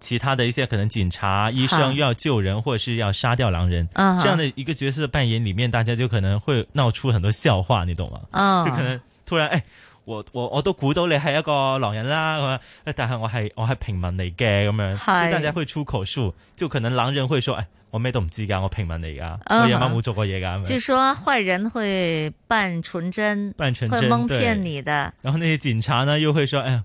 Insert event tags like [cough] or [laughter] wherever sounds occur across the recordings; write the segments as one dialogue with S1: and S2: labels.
S1: 其他的一些可能，警察、醫生要救人，或者是要殺掉狼人，uh-huh. 這樣的一個角色扮演裏面，大家就可能會鬧出很多笑話，你懂嗎？Uh-huh. 就可能突然，哎，我我我都估到你係一個狼人啦，但是我係我係平民嚟嘅，咁樣，大家會出口術，就可能狼人會說，哎，我咩都唔知噶，我平民嚟噶，我夜晚冇做過嘢噶、uh-huh. 嗯。就說
S2: 壞人會扮純
S1: 真，扮純真，會蒙騙你的。然後那些警察呢，又會說，哎呀。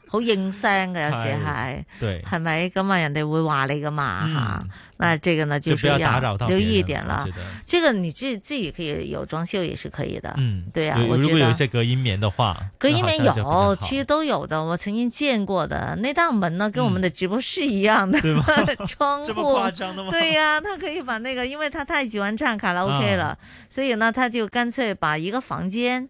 S2: 好應聲嘅有時係，係咪咁啊？對，還嗯、人哋會話你噶嘛吓，那這個呢就要留意一點啦。這個你自己自己可以有裝修也是可以的，嗯，對啊。如果有一
S1: 些隔音棉的話，隔音棉有，
S2: 其實都有的，我曾經見過的那道門呢，跟我們的直播室一樣的、嗯、對嗎？ [laughs] 窗戶，這麼誇張的嗎？對呀、啊，他可以把那個，因為他太喜歡唱卡拉 OK 了，啊、所以呢，他就乾脆把一個房間。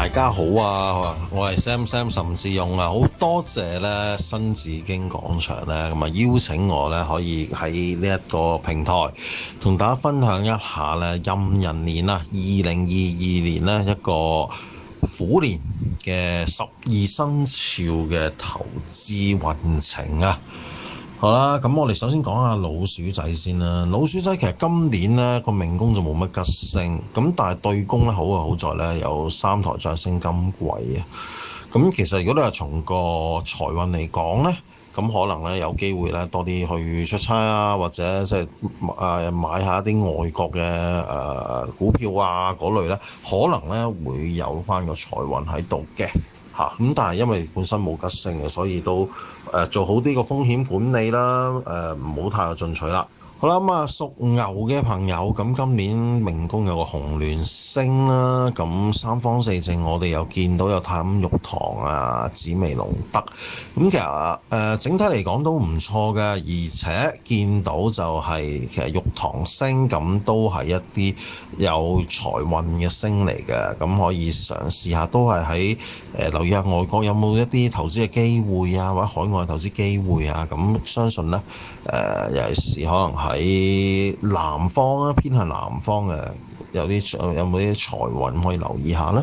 S3: 大家好啊，我係 Sam Sam 岑智勇啊，好多謝咧新紫荊廣場咧，咁啊邀請我咧可以喺呢一個平台同大家分享一下咧壬寅年啊，二零二二年咧一個虎年嘅十二生肖嘅投資運程啊。.好啦，咁我哋首先講下老鼠仔先啦。老鼠仔其實今年呢個命宮就冇乜吉星，咁但係對公咧好啊，好，好在咧有三台再升金櫃啊。咁其實如果你係從個財運嚟講呢，咁可能咧有機會咧多啲去出差啊，或者即係誒買下啲外國嘅誒、呃、股票啊嗰類呢，可能呢會有返個財運喺度嘅。吓咁，但係因為本身冇急性嘅，所以都誒做好呢個風險管理啦，誒唔好太有進取啦。好啦，咁啊，屬牛嘅朋友，咁今年命宮有個紅鸞星啦，咁三方四正，我哋又見到有太陰玉堂啊、紫微龍德，咁其實誒、呃、整體嚟講都唔錯嘅，而且見到就係、是、其實玉堂星咁都係一啲有財運嘅星嚟嘅，咁可以嘗試下，都係，喺、呃、誒留意下外國有冇一啲投資嘅機會啊，或者海外投資機會啊，咁相信咧誒尤其是可能喺南方啊，偏向南方嘅，有啲有冇啲財運可以留意下咧？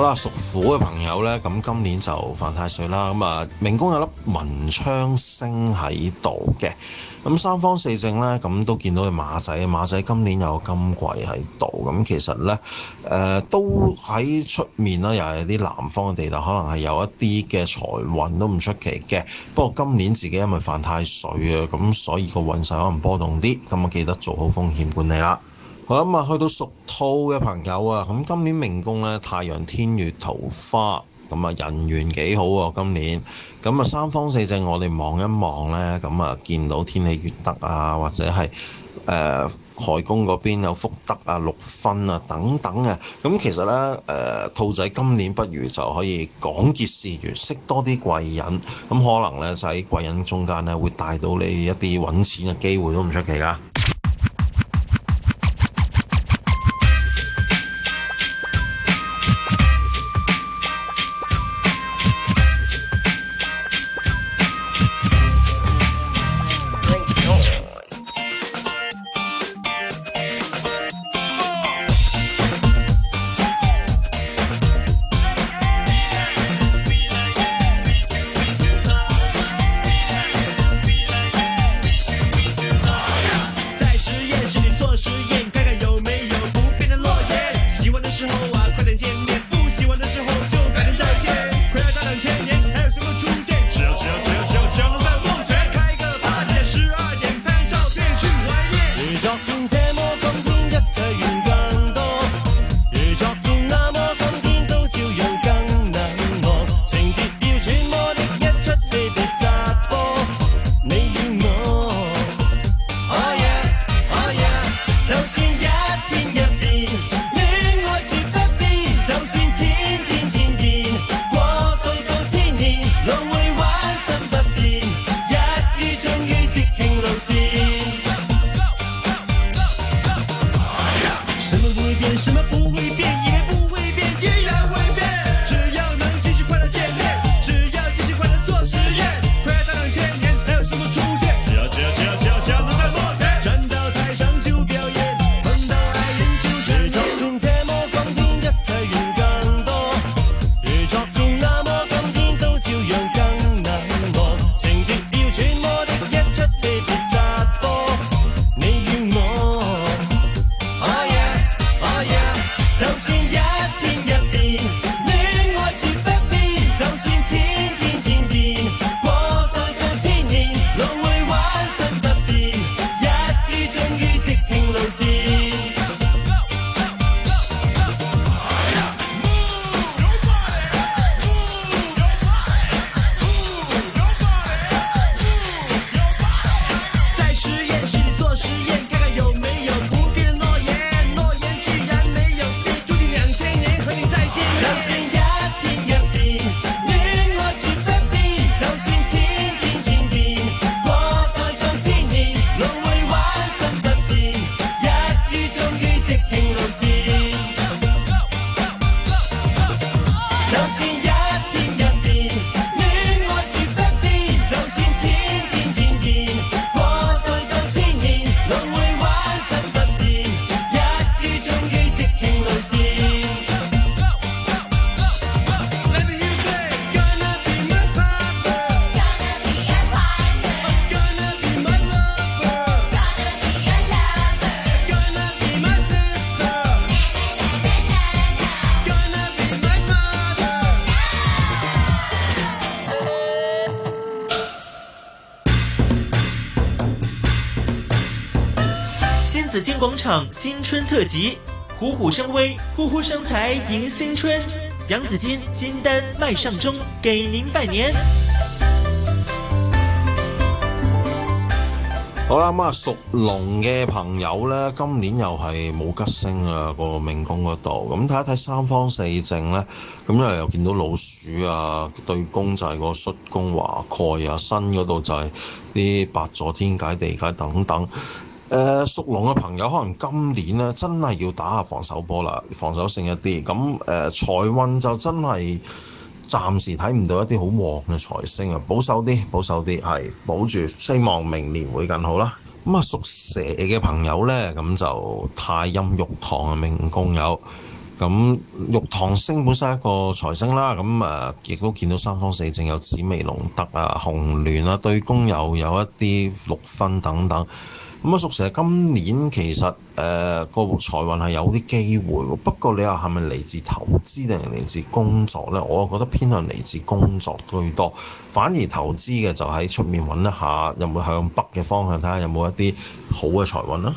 S3: 好啦，屬虎嘅朋友呢，咁今年就犯太歲啦。咁啊，命宮有粒文昌星喺度嘅，咁三方四正呢，咁都見到佢馬仔，馬仔今年有金櫃喺度。咁其實呢，誒、呃、都喺出面啦，又係啲南方嘅地頭，可能係有一啲嘅財運都唔出奇嘅。不過今年自己因為犯太歲啊，咁所以個運勢可能波動啲，咁啊記得做好風險管理啦。我諗啊，去到屬兔嘅朋友啊，咁今年命宮咧，太陽天月桃花，咁啊人緣幾好啊，今年。咁啊三方四正我看看，我哋望一望咧，咁啊見到天氣月德啊，或者係誒、呃、亥宮嗰邊有福德啊、六分啊等等啊。咁其實咧誒、呃，兔仔今年不如就可以廣結善緣，識多啲貴人，咁可能咧就喺貴人中間咧會帶到你一啲揾錢嘅機會都唔出奇㗎。
S4: 新春特輯，虎虎生威，呼呼生財，迎新春。楊子矜金丹、麥尚中，給您拜年。
S3: 好啦，咁啊，屬龍嘅朋友咧，今年又係冇吉星啊，那個命宮嗰度。咁睇一睇三方四正咧，咁又又見到老鼠啊，對宮就係個戌宮華蓋啊，身嗰度就係啲八座天解地解等等。屬龍嘅朋友可能今年呢真係要打下防守波啦，防守性一啲。咁誒、呃、財運就真係暫時睇唔到一啲好旺嘅財星啊，保守啲，保守啲，係保住，希望明年會更好啦。咁啊，屬蛇嘅朋友呢，咁就太陰玉堂嘅命宮有，咁玉堂星本身係一個財星啦。咁啊，亦、呃、都見到三方四正有紫微龍德啊、紅鸞啊，對宮又有一啲六分等等。咁啊，屬蛇今年其實誒個財運係有啲機會喎，不過你又係咪嚟自投資定係嚟自工作咧？我覺得偏向嚟自工作居多，反而投資嘅就喺出面揾一下，有冇向北嘅方向睇下有冇一啲好嘅財運啦。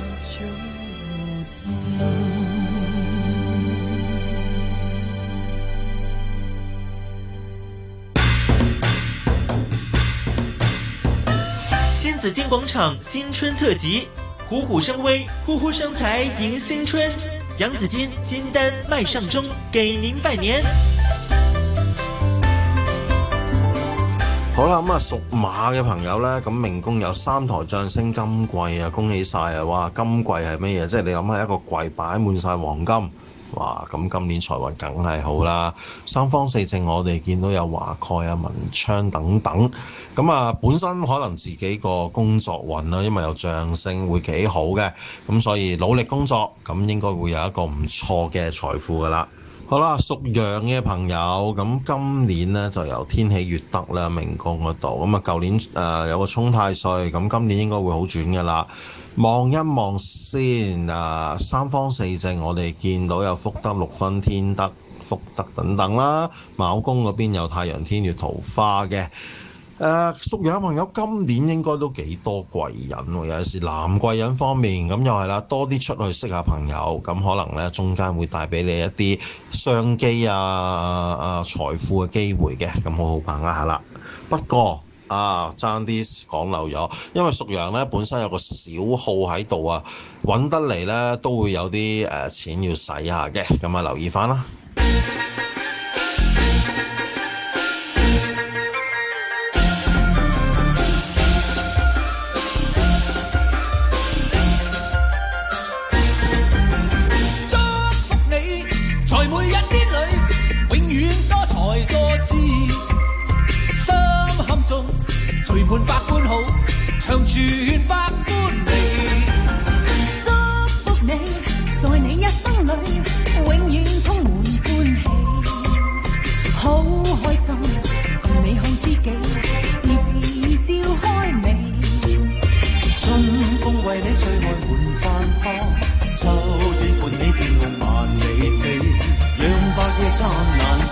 S4: 紫荊廣場新春特輯，虎虎生威，呼呼生財，迎新春。楊子矜金丹麥尚中，給您拜年。
S3: 好啦，咁啊，屬馬嘅朋友咧，咁命宮有三台象星金櫃啊，恭喜晒啊！哇，金櫃係乜嘢？即係你諗下，一個櫃擺滿晒黃金。哇！咁今年財運梗係好啦，三方四正我哋見到有華蓋啊、文昌等等，咁啊本身可能自己個工作運啦，因為有象徵會幾好嘅，咁所以努力工作，咁應該會有一個唔錯嘅財富噶啦。好啦，屬羊嘅朋友，咁今年呢就由天喜月德啦，命宮嗰度。咁啊，舊年誒有個冲太歲，咁今年應該會好轉㗎啦。望一望先啊，三方四正，我哋見到有福德六分天德、福德等等啦。卯宮嗰邊有太陽天月桃花嘅。誒、uh，屬羊朋友，今年應該都幾多貴人喎，尤其是男貴人方面，咁又係啦，多啲出去識下朋友，咁可能咧中間會帶俾你一啲商機啊、啊財富嘅機會嘅，咁好好把握下啦。不過啊，爭啲講漏咗，因為屬羊咧本身有個小耗喺度啊，揾得嚟咧都會有啲誒、啊、錢要使下嘅，咁啊留意返啦。 [music]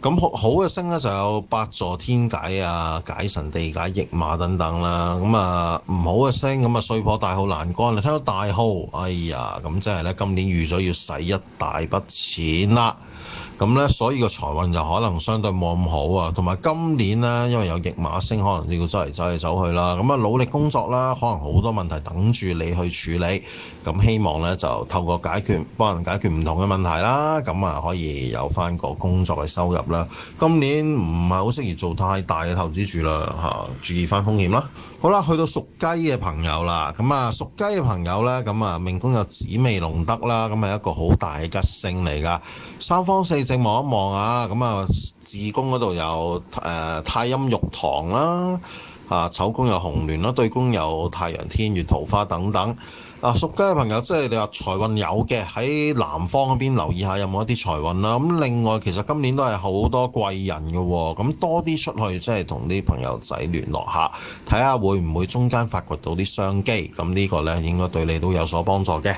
S3: 咁好好嘅星咧就有八座天解啊、解神地解、驛馬等等啦。咁啊唔好嘅星，咁啊歲破、大耗、欄杆。你聽到大耗，哎呀，咁即係咧今年預咗要使一大筆錢啦。咁咧，所以個財運就可能相對冇咁好啊。同埋今年呢，因為有驛馬星，可能你要走嚟走去走去啦。咁啊，努力工作啦，可能好多問題等住你去處理。咁希望呢，就透過解決，幫人解決唔同嘅問題啦。咁啊，可以有翻個工作嘅收入啦。今年唔係好適宜做太大嘅投資住啦，啊，注意翻風險啦。好啦，去到屬雞嘅朋友啦，咁啊，屬雞嘅朋友呢，咁啊命宮有紫微龍德啦，咁係一個好大嘅吉星嚟㗎，三方四正望一望、呃、啊，咁啊，子宮嗰度有誒太陰玉堂啦，啊丑宮有紅鸞啦，對宮有太陽、天月桃花等等。啊，屬雞嘅朋友，即係你話財運有嘅，喺南方嗰邊留意一下有冇一啲財運啦。咁、啊、另外，其實今年都係好多貴人嘅，咁多啲出去，即係同啲朋友仔聯絡下，睇下會唔會中間發掘到啲商機。咁呢個咧，應該對你都有所幫助嘅。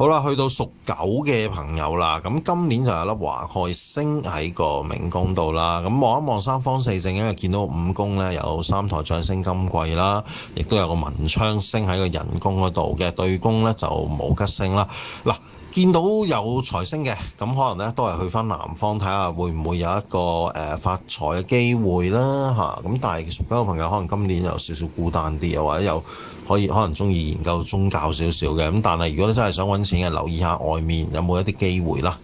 S3: 好啦，去到屬狗嘅朋友啦，咁今年就有粒華蓋星喺個命宮度啦。咁望一望三方四正，因為見到五宮呢有三台掌星金桂啦，亦都有個文昌星喺個人宮嗰度，嘅對宮呢就冇吉星啦。嗱。見到有財星嘅，咁可能咧都係去翻南方睇下，會唔會有一個誒、呃、發財嘅機會啦？咁、啊、但係屬狗嘅朋友可能今年有少少孤單啲，又或者又可以可能中意研究宗教少少嘅，咁但係如果你真係想揾錢嘅，留意一下外面有冇一啲機會啦。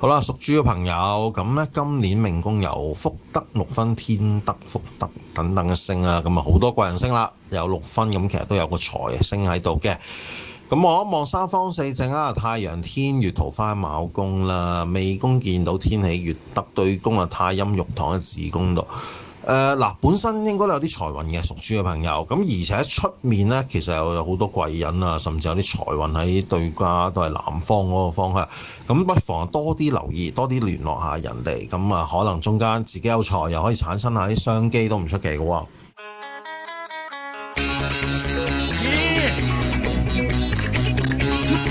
S3: 好啦，屬豬嘅朋友，咁呢今年命宮有福德六分天德福德等等嘅星啊，咁啊好多貴人星啦，有六分咁其實都有個財星喺度嘅。咁望一望三方四正啊，太陽天月桃花卯宮啦，未宮見到天喜月德對宮啊，太陰玉堂嘅子宮度。誒、呃、嗱，本身應該都有啲財運嘅，屬豬嘅朋友。咁而且出面呢，其實又有好多貴人啊，甚至有啲財運喺對家，都係南方嗰個方向。咁不妨多啲留意，多啲聯絡下人哋。咁啊，可能中間自己有財，又可以產生下啲商機，都唔出奇嘅喎。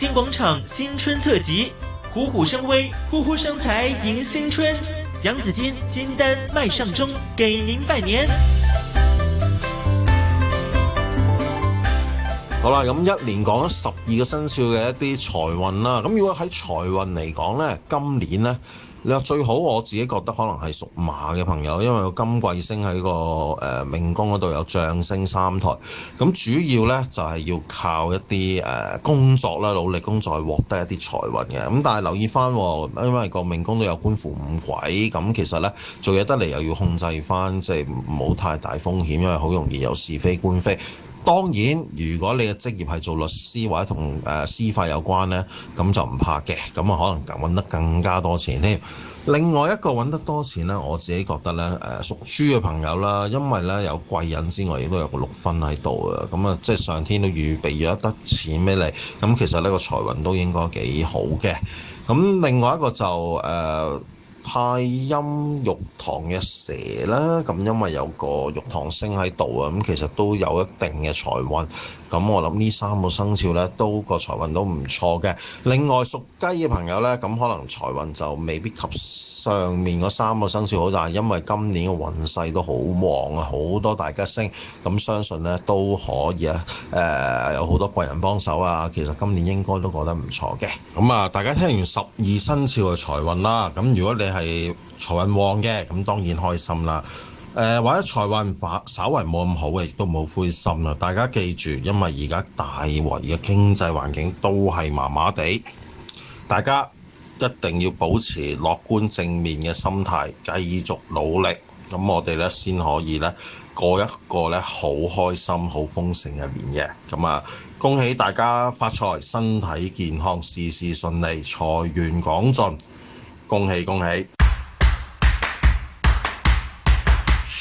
S4: 新紫荊廣場新春特輯，虎虎生威，呼呼生財，迎新春。楊子矜金丹麥尚中，給您拜年。
S3: 好啦，咁一年講咗十二個生肖嘅一啲財運啦。咁如果喺財運嚟講咧，今年咧，你話最好，我自己覺得可能係屬馬。嘅朋友，因為有金桂星喺個誒命宮嗰度有象升三台，咁主要呢，就係、是、要靠一啲誒、呃、工作啦，努力工作去獲得一啲財運嘅。咁但係留意翻，因為個命宮都有官符五鬼，咁其實呢，做嘢得嚟又要控制翻，即係唔好太大風險，因為好容易有是非官非。當然，如果你嘅職業係做律師或者同司法有關呢，咁就唔怕嘅，咁啊可能揾得更加多錢添。另外一個揾得多錢呢，我自己覺得呢，誒屬豬嘅朋友啦，因為呢有貴人之外，亦都有個六分喺度啊，咁啊即係上天都預備咗一筆錢俾你，咁其實呢個財運都應該幾好嘅。咁另外一個就誒，呃太陰玉堂嘅蛇啦，咁因為有個玉堂星喺度啊，咁其實都有一定嘅財運。咁我諗呢三個生肖呢都個財運都唔錯嘅。另外，屬雞嘅朋友呢，咁可能財運就未必及上面嗰三個生肖好，大，因為今年嘅運勢都好旺啊，好多大吉星，咁相信呢都可以啊。呃，有好多貴人幫手啊，其實今年應該都過得唔錯嘅。咁啊，大家聽完十二生肖嘅財運啦，咁如果你係財運旺嘅，咁當然開心啦。誒、呃、或者財運法稍為冇咁好嘅，亦都冇灰心啦。大家記住，因為而家大圍嘅經濟環境都係麻麻地，大家一定要保持樂觀正面嘅心態，繼續努力，咁我哋咧先可以咧過一個咧好開心、好豐盛嘅年嘅。咁啊，恭喜大家發財，身體健康，事事順利，財源廣進，恭喜恭喜！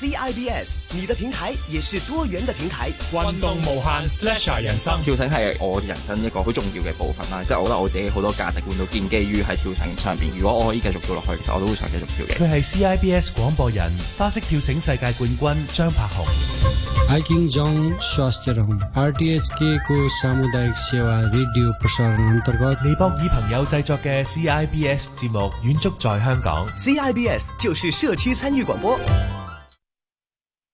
S5: CIBS，你的平台也是多元的平台。運動無限，slash 人生。跳繩係我人生一個好重要嘅部分啦，即係我覺得我自己好多價值觀都建基
S6: 於喺跳繩上邊。如果我可以繼續做落去，其實我都會想繼續跳嘅。佢係
S5: CIBS 廣播人，花式跳繩世界冠軍張柏豪。李博以朋友製作嘅 CIBS 節目遠足在香港。CIBS 就是社區參與廣播。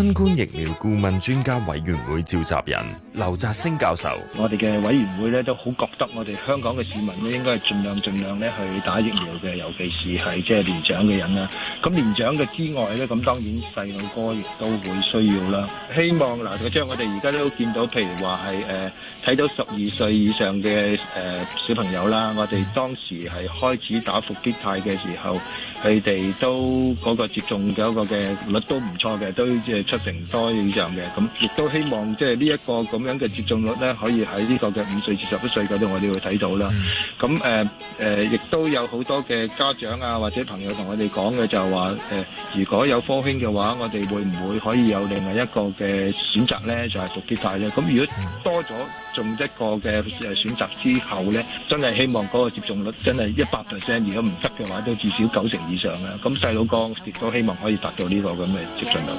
S1: 新冠疫苗顧
S3: 問專家委員會召集人劉澤星教授：，我哋嘅委員會咧都好覺得，我哋香港嘅市民咧應該係盡量盡量咧去打疫苗嘅，尤其是係即係年長嘅人啦。咁年長嘅之外咧，咁當然細路哥亦都會需要啦。希望嗱，就是、即係我哋而家都見到，譬如話係誒睇到十二歲以上嘅
S7: 誒、呃、小朋友啦，我哋當時係開始打復必泰嘅時候。佢哋都嗰個接種嗰個嘅率都唔錯嘅，都即係七成多以上嘅。咁亦都希望即係呢一個咁樣嘅接種率咧，可以喺呢個嘅五歲至十一歲嗰度我哋會睇到啦。咁誒誒，亦都有好多嘅家長啊或者朋友同
S3: 我哋講嘅就係話誒，如果有科興嘅話，我哋會唔會可以有另外一個嘅選擇咧？就係復必泰咧。咁如果多咗種一個嘅誒選擇之後咧，真係希望嗰個接種率真係一百 percent。如果唔得嘅話，都至少九成。以上嘅，咁細佬講亦都希望可以達到呢個咁嘅接近度。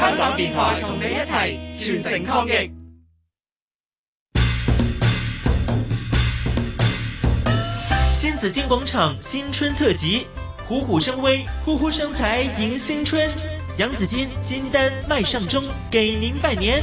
S8: 香港
S9: 電台同你一齊全城
S4: 抗疫。新紫荊廣場新春特輯，虎虎生威，呼呼生財迎新春。楊子矜金丹麥尚中，給您拜年。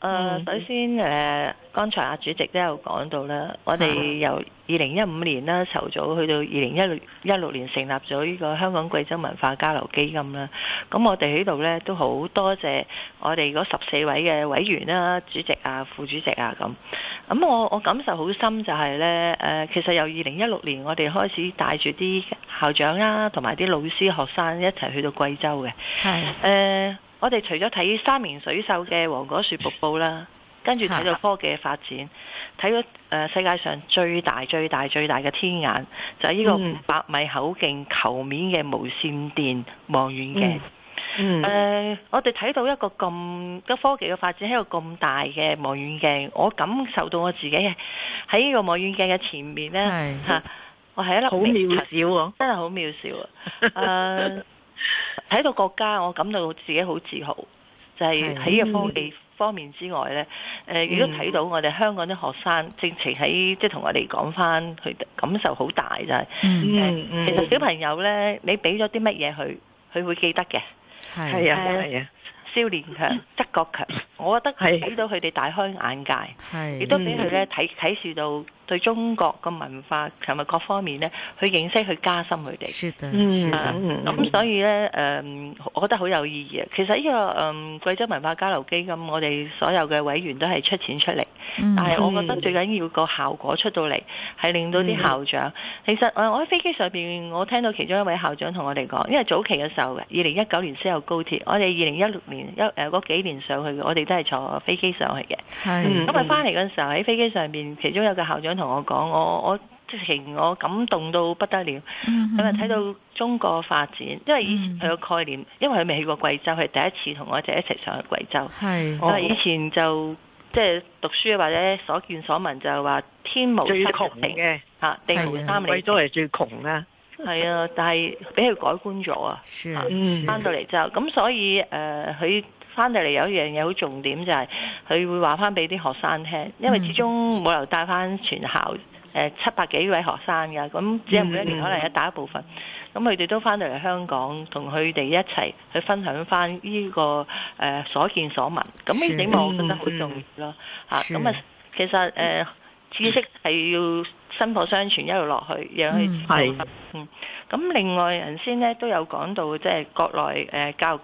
S6: 誒、嗯呃，首先誒、呃，剛才阿、啊、主席都有講到啦，我哋由二零一五年啦，籌、呃、早去到二零一六一六年成立咗呢個香港貴州文化交流基金啦。咁、嗯嗯、我哋喺度呢，都好多謝我哋嗰十四位嘅委員啦、主席啊、副主席啊咁。咁、嗯、我我感受好深就係、是、呢、呃。其實由二零一六年我哋開始帶住啲校長啦、啊，同埋啲老師、學生一齊去到貴州嘅。係誒。呃我哋除咗睇《山明水秀》嘅黃果樹瀑布啦，跟住睇到科技嘅發展，睇到誒世界上最大、最大、最大嘅天眼，就係、是、呢個五百米口徑球面嘅無線電望遠鏡。誒、嗯，嗯 uh, 我哋睇到一個咁嘅科技嘅發展喺個咁大嘅望遠鏡，我感受到我自己喺呢個望遠鏡嘅前面呢，嚇，uh, 我係一粒好渺小，真係好渺小啊！誒、uh。睇到國家，我感到自己好自豪。就係喺呢個科技方面之外呢，誒、啊嗯，如果睇到我哋香港啲學生正情喺，即係同我哋講翻，佢感受好大，就、嗯、係。其實、啊嗯、小朋友呢，你俾咗啲乜嘢佢，佢會記得嘅。係啊係啊，啊，少年強、嗯、則國強。我覺得俾到佢哋大開眼界，亦都俾佢呢睇睇視到對中國嘅文化同埋各方面咧，去認識去加深佢哋、啊。嗯，咁、嗯、所以咧、嗯，我覺得好有意義啊。其實呢、呢個誒、嗯、貴州文化交流基金，我哋所有嘅委員都係出錢出嚟、嗯，
S7: 但係我覺得最
S6: 緊要個效果出到嚟，係令到啲校長、嗯。其實我喺飛機上面，我聽到其中一位校長同我哋講，因為早期嘅時候嘅二零一九年先有高鐵，我哋二零一六年一誒嗰幾年上去嘅，我哋都係坐飛機上去嘅。係，咁啊翻嚟嘅時候喺飛機上面，其中有個校長，同我講，我我即係我感動到不得了。佢話睇到中國發展，因為以前佢個概念，因為佢未去過貴州，係第一次同我哋一齊上去貴州。係，我以前就即係、就是、讀書或者所見所聞就係話天無三里嘅，嚇地無三里。貴州係
S10: 最窮嘅
S6: 啊，係啊，但係俾佢改觀咗啊。嗯，翻到嚟之後咁，所以誒佢。呃佢翻到嚟有一樣嘢好重點就係、是、佢會話翻俾啲學生聽，因為始終冇留帶翻全校誒、嗯呃、七百幾位學生㗎，咁只係每一年可能一大一部分，咁佢哋都翻到嚟香港同佢哋一齊去分享翻、這、呢個誒、呃、所見所聞，咁呢點我覺得好重要咯嚇。咁、嗯、啊，其實誒、呃、知識係要薪火相傳一路落去，讓佢傳授。咁、嗯嗯、另外人先咧都有講到即係國內誒、呃、教育。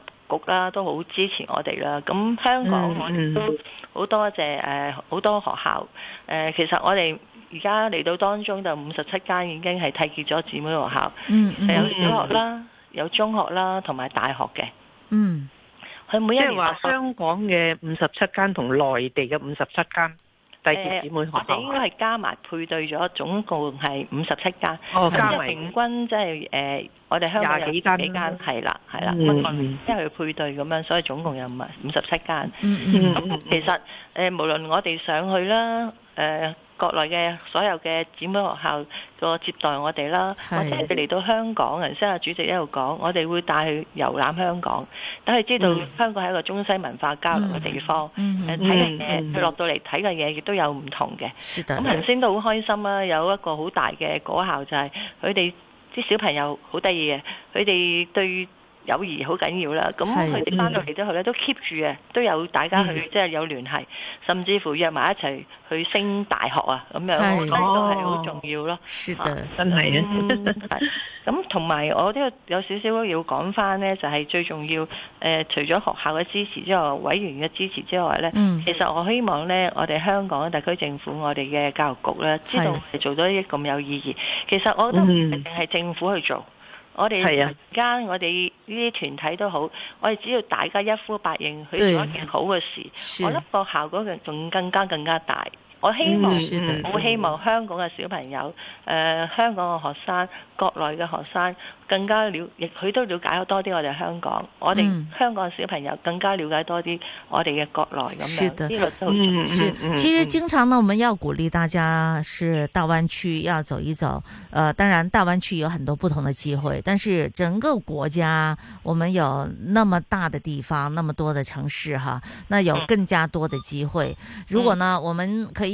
S6: 啦，都好支持我哋啦。咁香港我哋都好多謝誒，好多學校誒。其實我哋而家嚟到當中就五十七間已經係締結咗姊妹學校，嗯嗯、有小學啦，有中學啦，同埋大學嘅。嗯，每一即係話香港嘅五十七間同內地嘅五十七間。我哋、呃、應該係加埋配對咗，總共係五十七間。哦，加、嗯、埋平均即係、嗯即係呃、我哋香港有幾，幾間係啦，係啦、嗯嗯，因為配對咁樣，所以總共有五五十七間。嗯嗯，嗯，嗯，其實、呃、無論我哋上去啦，呃國內嘅所有嘅姊妹學校個接待我哋啦，我哋嚟到香港，人星啊主席一路講，我哋會帶佢去遊覽香港，等佢知道香港係一個中西文化交流嘅地方，睇嘅嘢，佢落到嚟睇嘅嘢亦都有唔同嘅。咁人星都好開心啊，有一個好大嘅果效就係佢哋啲小朋友好得意嘅，佢哋對，友誼好緊要啦，咁佢哋翻到嚟之後咧都 keep 住啊，都有大家去、嗯、即係有聯繫，甚至乎約埋一齊去升大學啊，咁樣我覺得都係好重要咯。真係咁同埋我都有少少要講翻呢，就係、是、最重要誒、呃，除咗學校嘅支持之外，委員嘅支持之外呢、嗯，其實我希望呢，我哋香港嘅特區政府，我哋嘅教育局呢，知道係做咗啲咁有意義。其實我覺得係政府去做。嗯嗯我哋而家我哋呢啲團體都好，我哋只要大家一呼百應去做一件好嘅事，我覺得個效果仲更，更加更加大。我希望、嗯，我希望香港嘅小朋友，誒、呃，香港嘅學生，國內嘅學生更加了，亦佢都了解多啲我哋香港，嗯、我哋香港嘅小朋友更加了解多啲我哋嘅國內咁、嗯、樣是的，呢個都好重要嗯是，其實
S2: 經常呢，我們要鼓勵大家，是大灣區要走一走。誒、呃，當然大灣區有很多不同的機會，但是整個國家，我們有那麼大的地方，那麼多的城市，哈，那有更加多的機會。嗯、如果呢、嗯，我們可以。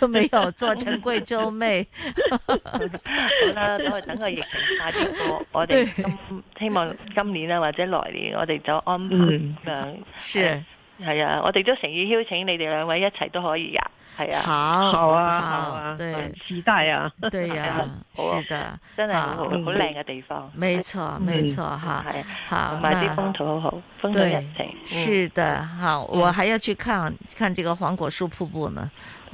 S2: 都沒有做成貴州
S6: 妹 [laughs] [laughs] [laughs] 好，好啦，都係等個疫情快啲過，我哋今希望今年啊或者來年，我哋就安排。嗯，是，係、哎、啊，我哋都誠意邀請你哋兩位一齊都可以呀、啊，係啊，好，好啊，對，
S10: 期待啊，對呀、啊啊 [laughs] 啊，是
S6: 的，真係好好靚嘅地方、嗯，
S10: 冇錯，冇
S6: 錯，
S2: 吓，係吓、啊，同埋啲風土好好，風土人情、嗯，是的、嗯，我還要去看看這個黃果樹瀑布呢。